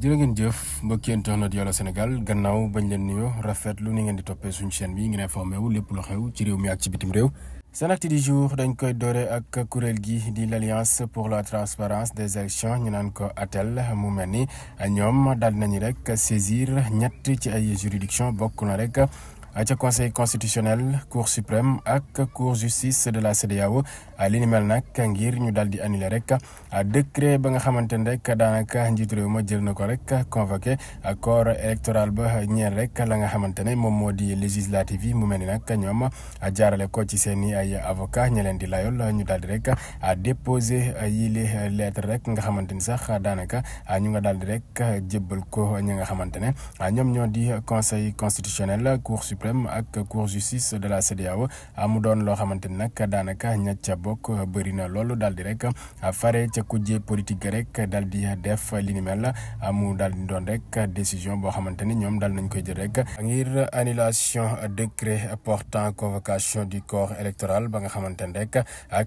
jërë ngeen jëf mbokki internet Allô Sénégal gannaaw bañ leen nuyoo rafetlu ni ngeen di toppee suñu chaîne bi ngeen informé wu lépp lu xew ci réew mi ak ci bitim réew. seen acte du jour dañ koy doore ak kuréel gi di l'alliance pour la transparence des élections ñu naan ko atel mu mel ni ñoom daal nañu rek saisir ñett ci ay juridiction bokk na rek. ca conseil constitutionnel cour suprême ak cour justice de la CEDEAO li ni mel nag ngir ñu daal di annuler rek décret ba nga xamante ne rek daanaka njiitu réew ma jël na ko rek convoqué corps électoral ba ñeel rek la nga xamante ne moom moo di législative yi mu mel ni nag ñoom jaarale ko ci seen i ay avocat ñi leen di layool ñu daal di rek déposé yile lettre rek nga xamante ni sax daanaka ñu nga daldi rek jëbbal ko ñi nga xamante ne ñoom ñoo di conseil constitutionnel cour suprême suprême ak cour justice de la CEDEAO ah, mu doon loo xamante ni nag daanaka ña ca bokk bëri na loolu daal di rek fare ca kujje politique rek daal di def li ni mel ah, mu daal di doon rek décision boo xamante ni ñoom daal nañ koy jël rek ngir annulation décret portant convocation du corps électoral ba nga xamante ni rek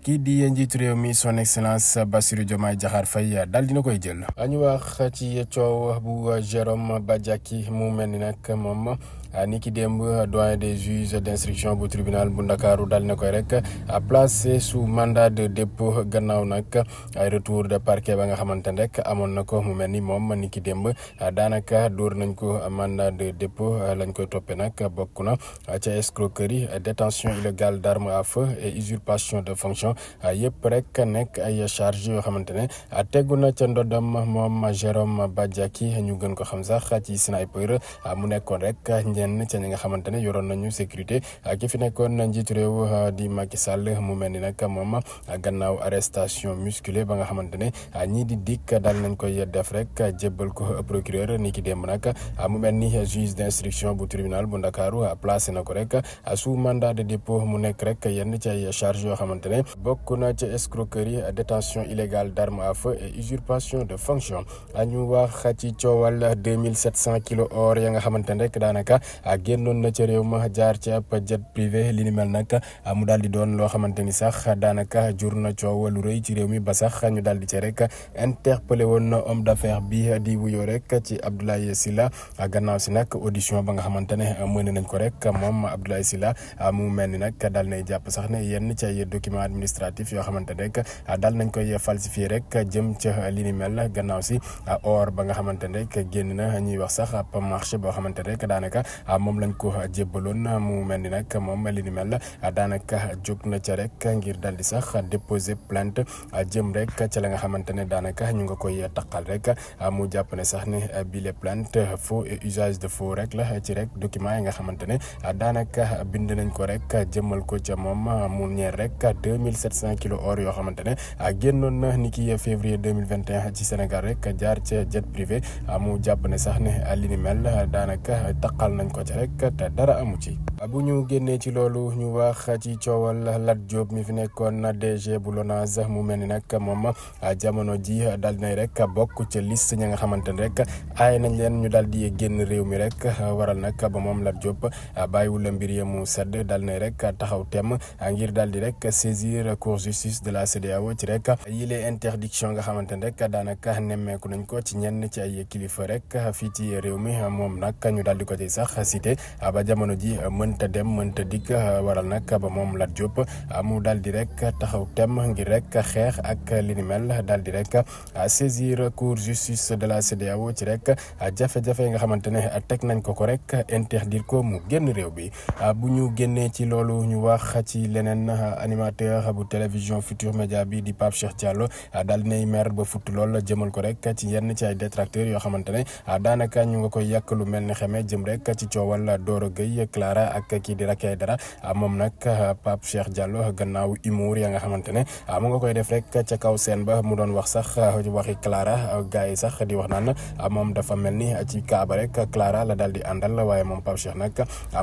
kii di njiitu réew mi son excellence Bassirou Diomaye Diakhar Faye daal dina koy jël. ñu wax ci coow bu Jérôme Badiaki mu mel ni nag moom. Ah, ni ki démb doyen des juges d'instruction bu tribunal bu ndakaaru dal na koy rek ah, placé sous mandat de dépôt gannaaw nag ay retour de parquet ba nga xamante ne rek amoon na ko mu mel ni moom ni ki démb ah, daanaka dóor nañ ko mandat de dépôt lañ koy toppee nag bokk na ca escroquerie détention illégale d'armes à feu et usurpation de fonction yëpp rek nekk ay charge yoo xamante ne tegu na ca ndodam moom Jérôme Badiaki ñu gën ko xam sax ci sniper mu nekkoon ñenn ca nga xamante ne yoroon nañu sécurité ki fi nekkoon njiitu réew euh, di Macky salle mu mel ni nag moom euh, gannaaw arrestation musclée ba nga xamante ne euh, ñii di dikk daal nañ koy def rek jébbal ko procureur ni ki démb nag mu mel ni juge d'instruction bu tribunal bu Ndakaaru placé na ko rek sous mandat de dépôt mu nekk rek yenn ci charge yoo xamante ne bokk na ci escroquerie détention illégale d'armes à feu et usurpation de fonction ñu wax ci coowal deux mille sept cent kilo or ya nga xamante ne rek daanaka génnoon na ca réew ma jaar ci ab jet privé li ni mel nag mu daal di doon loo xamante ni sax daanaka jur na coow lu rëy ci réew mi ba sax ñu daal di ci rek interpellé woon na homme d'affaires bi di wuyoo rek ci Abdoulaye Sylla gannaaw si nag audition ba nga xamante ne mën nañ ko rek moom Abdoulaye Sylla mu mel ni nag daal nay jàpp sax ne yenn ci document administratif yoo xamante ne rek daal nañ koy falsifié rek jëm ca li ni mel gannaaw si or ba nga xamante ne rek génn na ñuy wax sax ab marché boo xamante ne rek daanaka Ah, moom lañ ko jébbaloon mu mel ni nag moom li ni mel daanaka jóg na ca rek ngir daal di sax déposer plainte jëm rek ca la nga xamante ne daanaka ñu nga koy taqal rek mu jàpp ne sax ne bile plainte faux et usage de rek la ci rek document yi nga xamante ne daanaka bind nañ ko rek jëmmal ko ca moom mu ñeer rek deux mille sept cent kilos or yoo xamante ne génnoon na ni ki février deux mille vingt et ci Sénégal rek jaar ca jet privé mu jàpp sax ne li ni mel daanaka taqal na. nañ ko ci rek dara amu ci bu ñu génnee ci loolu ñu wax ci coowal Lat Diop mi fi nekkoon DG bu LONASE mu mel ni nag moom jamono ji daal dinay rek bokk ca liste ñi nga xamante ne rek aay nañ leen ñu daal di génn réew mi rek waral nag ba moom Lat Diop bàyyiwul mbir yi mu sedd daal nay rek taxaw tem ngir daal di rek saisir cour justice de la CEDEAO ci rek yile interdiction nga xamante ne rek daanaka nemmeeku nañ ko ci ñenn ci ay kilifa rek fii ci réew mi moom nag ñu daal di ko ci sax cité ba jamono ji mënta dem mënta dikk waral nag ba moom Lat Diop mu daal di rek taxaw tem ngir rek xeex ak li ni mel daal di rek saisir cour justice de la CEDEAO ci rek jafe-jafe yi nga xamante ne teg nañ ko ko rek interdire ko mu génn réew bi bu ñu génnee ci loolu ñu wax ci leneen animateur bu télévision Futur Média bi di Pape Cheikh Diallo daal di nay mer ba futt lool jëmal ko rek ci yenn ci ay yoo xamante ne daanaka ñu nga koy yàq mel n xeme jëm rek. ci coowal Doro Gueye Clara ak kii di Racky Aïdara moom nag Pape Cheikh Diallo gannaaw humour ya nga xamante ne mu nga koy def ca kaw seen ba mu doon wax sax waxi Clara gars yi sax di wax naan moom dafa mel ni ci kaaba rek Clara la daal di àndal waaye moom Pape Cheikh nag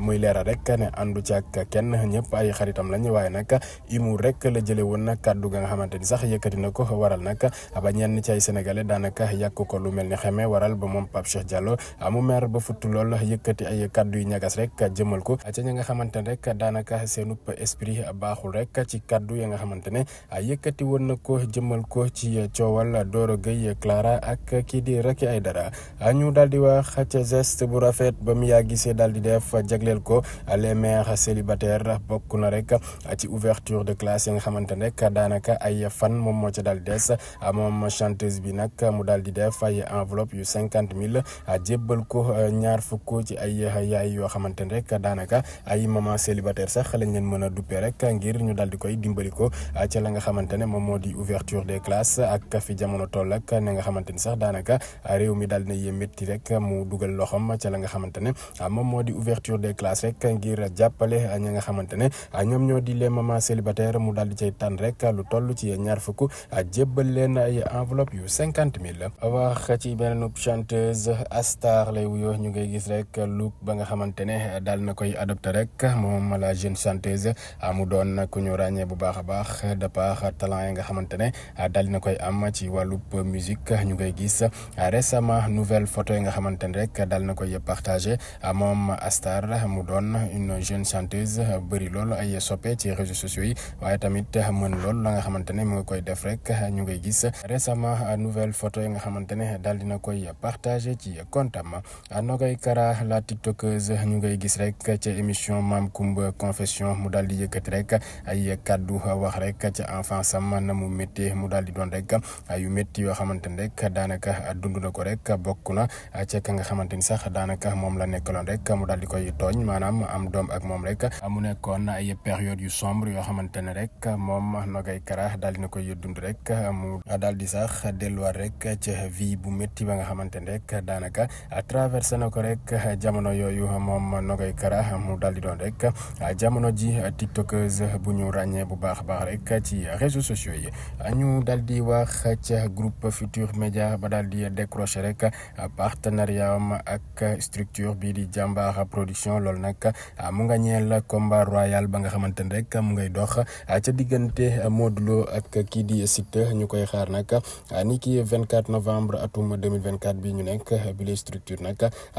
muy leeral rek ne àndu ci ak kenn ñëpp ay xaritam lañ waaye nag humour rek la jëlee woon kàddu ga nga xamante ni sax yëkkati na ko waral nag ba ñenn lu mel mer ba futt lool yëkkati ay kàddu yu ñagas rek jëmal ko ca ña nga xamante ne rek daanaka seenub esprit baaxul rek ci kàddu ya nga xamante ne yëkkati woon na ko jëmal ko ci coowal Doro Gueye Clara ak kii di Racky Aïdara ñu daal di wax ca bu rafet ba mu yaa daal di def jagleel ko les mères célibataires bokk na rek ci ouverture de yi nga xamante ne daanaka ay fan moom moo ca daal di des moom chanteuse bi nag mu daal di def ay yu cinquante mille jébbal ko ñaar fukk ci ay. ay yaay yoo xamante ne rek daanaka ay maman célibataire sax lañ leen mën a duppe rek ngir ñu daal di koy dimbali ko ca la nga xamante ne moom moo di ouverture des classes ak na nga xamante ni sax daanaka réew mi daal dina métti rek mu la nga xamante ne moom moo di ouverture des classes rek ngir jàppale ña nga xamante ne ñoom ñoo di les mamans célibataires mu daal di cay rek lu toll ci ñaar fukk jébbal leen ay enveloppe yu cinquante mille. wax ci beneen chanteuse Astar lay wuyoo ñu ngay gis rek lu look ba nga xamante ne eh, daal na koy adopté rek moom la jeune chanteuse ah, mu doon ku ñu ràññee bu baax a baax de part talent yi nga xamante ne ah, daal na koy am ci wàllub musique ñu koy gis ah, récemment nouvelle photo yi nga xamante ne rek daal na koy partagé moom Astar mu doon une jeune chanteuse bëri lool ay soppe ci réseaux sociaux waaye tamit mën lool la nga xamante ne mu ngi koy def rek ñu ngay gis récemment nouvelle photo yi nga xamante ne daal dina koy partagé ci compte am Nogaye Kara la tokkeuse ñu ngay gis rek ca émission Mame Coumba Confession mu daal di yëkkati rek ay kàddu wax rek ca enfance am na mu métti mu daal di doon rek yu métti yoo xamante ni rek daanaka dund na ko rek bokk na ca ka nga xamante ni sax daanaka moom la nekkaloon rek mu daal di koy tooñ maanaam am doom ak moom rek a mu nekkoon ay période yu sombre yoo xamante ne rek moom Nogay Kara daal di na koy dund rek mu daal di sax delluwaat rek ca vie bu métti ba nga xamante ni rek daanaka traversé na ko rek jamono. jamono yooyu moom koy Kara mu daal di doon rek jamono ji tiktokeuse bu ñu ràññee bu baax a baax rek ci réseaux sociaux yi ñu daal di wax ca groupe Futur Média ba daal di décroché rek partenariat am ak structure bii di a production loolu nag mu nga ñeel combat royal ba nga xamante ne rek mu ngay dox ca diggante Modou Lo ak kii di Siteu ñu koy xaar nag ni ki 24 novembre atum 2024 bi ñu nekk bi les structure nag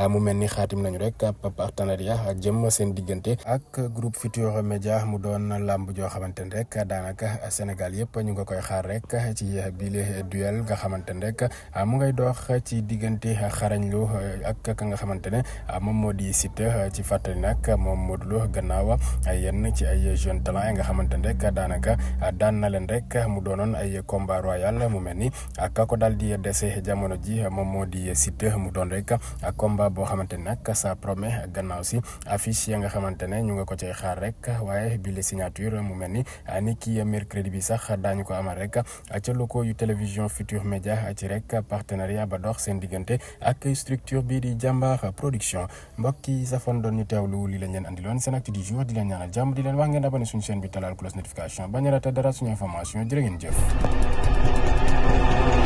mu mel ni xaatim na nañu rek ab partenariat jëm seen diggante ak groupe Futur Média mu doon làmb joo xamante ne rek daanaka Sénégal yëpp ñu nga koy xaar rek ci bile a nga xamante ne rek mu ngay dox ci diggante xarañ lu ak ka nga xamante ne moom moo di Siteu ci fàttali nag moom Modou Lo gannaaw yenn ci ay jeune talent yi nga xamante ne rek daanaka daan na leen rek mu doonoon ay combat royal mu mel ni ka ko daal di dese jamono ji moom moo di Siteu mu doon rek combat boo xamante ne ça promet gannaaw si affiche ya nga xamante ne ñu nga ko cay xaar rek waaye bi la signature mu mel ni ah, ni ki mercredi bi sax daañu ko amal rek a ah, ca locaux yu télévision Futur Média ah, ci rek partenariat ba dox seen diggante ak structure bi di jàmbaar production mbokk yi safoon doon ñu teewlu li lañ leen andiloon seen acte du jour di leen ñaanal jàmm di leen wax ngeen abonné suñu chaîne bi talaal cloche notification bañ a raté dara suñu information jërë